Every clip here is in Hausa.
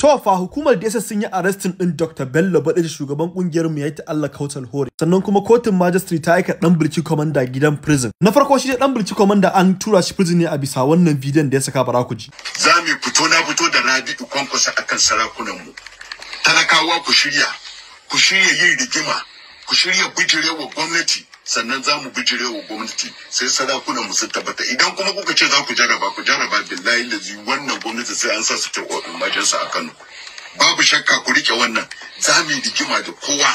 To fa hukumar DSS sun yi arrestin din Dr. Bello Badeji shugaban kungiyar mu yayi Allah Kautal Hore. Sannan kuma kotun magistrate ta aika dan Bilci commander gidan prison. Na farko shi dan Bilci commander an tura shi prison ne a bisa wannan bidiyon da ya saka bara ji. Za mu fito na fito da Rabi'u kwankwasa akan sarakunan mu. Talakawa ku shirya, ku shirya yin rigima, ku shirya bijirewa gwamnati, sannan za mu bijire wa gwamnati sai sadakunan mu su tabbata idan kuma kuka ce za ku jaraba ku jaraba billahi lazi wannan gwamnati sai an sa su ta majinsa a Kano babu shakka ku rike wannan za mu yi rigima da kowa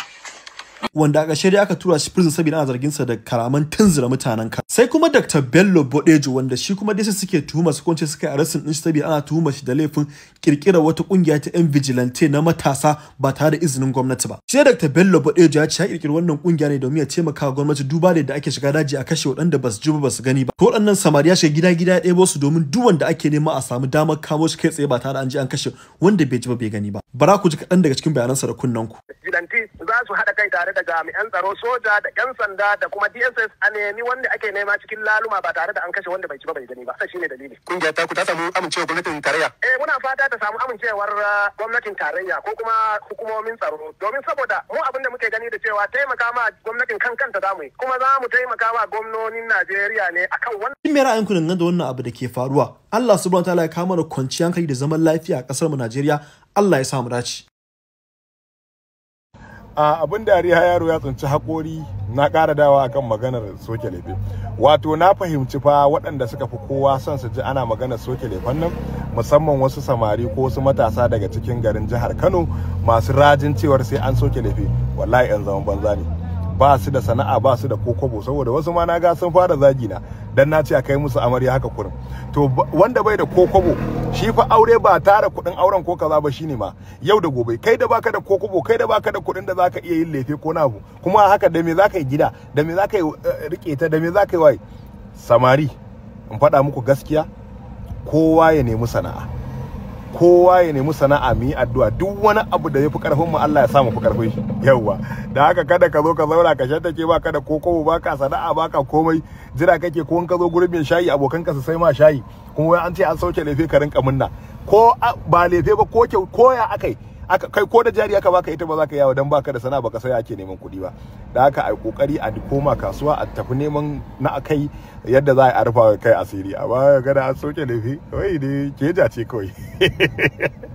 wanda a ƙarshe dai aka tura shi prison saboda ana zargin sa da karaman tunzura mutanen ka sai kuma dr bello bodejo wanda shi kuma dai suke tuhuma su kunce suka arrestin din shi sabida ana tuhuma shi da laifin kirkira wata kungiya ta yan vigilante na matasa ba tare da izinin gwamnati ba shi dr bello bodejo ya ce ya kirkiri wannan kungiya ne domin ya taimaka gwamnati duba da ake shiga daji a kashe waɗanda ba su ji ba su gani ba ko waɗannan samari ya shiga gida gida ya ɗebo su domin duk wanda ake nema a samu damar kamo shi kai tsaye ba tare da an je an kashe wanda bai ji ba bai gani ba bara ku ji kaɗan daga cikin bayanansa da kunnen ku za su haɗa kai tare da jami'an tsaro soja da 'yan sanda da kuma DSS a nemi wanda ake nema cikin laluma ba tare da an kashe wanda bai ci ba bai gani ba sai shine dalili kungiyar ta ku ta samu amincewar gwamnatin tarayya eh muna fata ta samu amincewar uh, gwamnatin tarayya ko kuma hukumomin tsaro domin saboda mu abin da muke gani da cewa taimaka ma gwamnatin kan kanta zamu yi kuma za mu taimaka ma gwamnonin Najeriya ne akan wannan me ra'ayin ku dangane da wannan abu da ke faruwa Allah subhanahu ta'ala ya kama da kwanciyar hankali da zaman lafiya a kasar mu Najeriya Allah ya sa mu dace a abin dariya yaro ya tsinci haƙori na ƙara dawa akan maganar soke lefe wato na fahimci fa waɗanda suka fi kowa son su ji ana maganar soke lefen nan musamman wasu samari ko wasu matasa daga cikin garin jihar kano masu rajin cewar sai an soke lefe wallahi yan zaman banza ne ba su da sana'a ba su da kokobo saboda wasu ma na ga sun fara zagina. na dan na ce a kai musu amarya haka kurin to wanda bai da kokobo shi fa aure ba tara kuɗin auren ko kaza ba shine ma yau da gobe kai da baka da kokobo kai da baka da kuɗin da zaka iya yin lefe ko nabu kuma haka da me zaka yi gida da me zaka yi eh, rike ta da me zaka yi wai samari in faɗa muku gaskiya kowa ya nemi sana'a kowa ya nemi sana'a mu yi addu'a duk wani abu da ya fi karfin mu Allah ya samu fi karfin shi yawa da haka kada ka zo ka zauna ka shanta ke baka da koko baka sana'a baka komai jira kake ko in ka zo gurbin shayi abokan ka su sai ma shayi kuma an ce an sauke lefe ka rinka munna ko ba lefe ba ko ko ya akai aka kai ko da jari aka baka ita ba za ka yawo dan baka da sana'a baka sai ake neman kuɗi ba da haka a kokari a koma kasuwa a tafi neman na akai yadda za a rufa kai asiri amma ga da an soke laifi wai ne keja ce kawai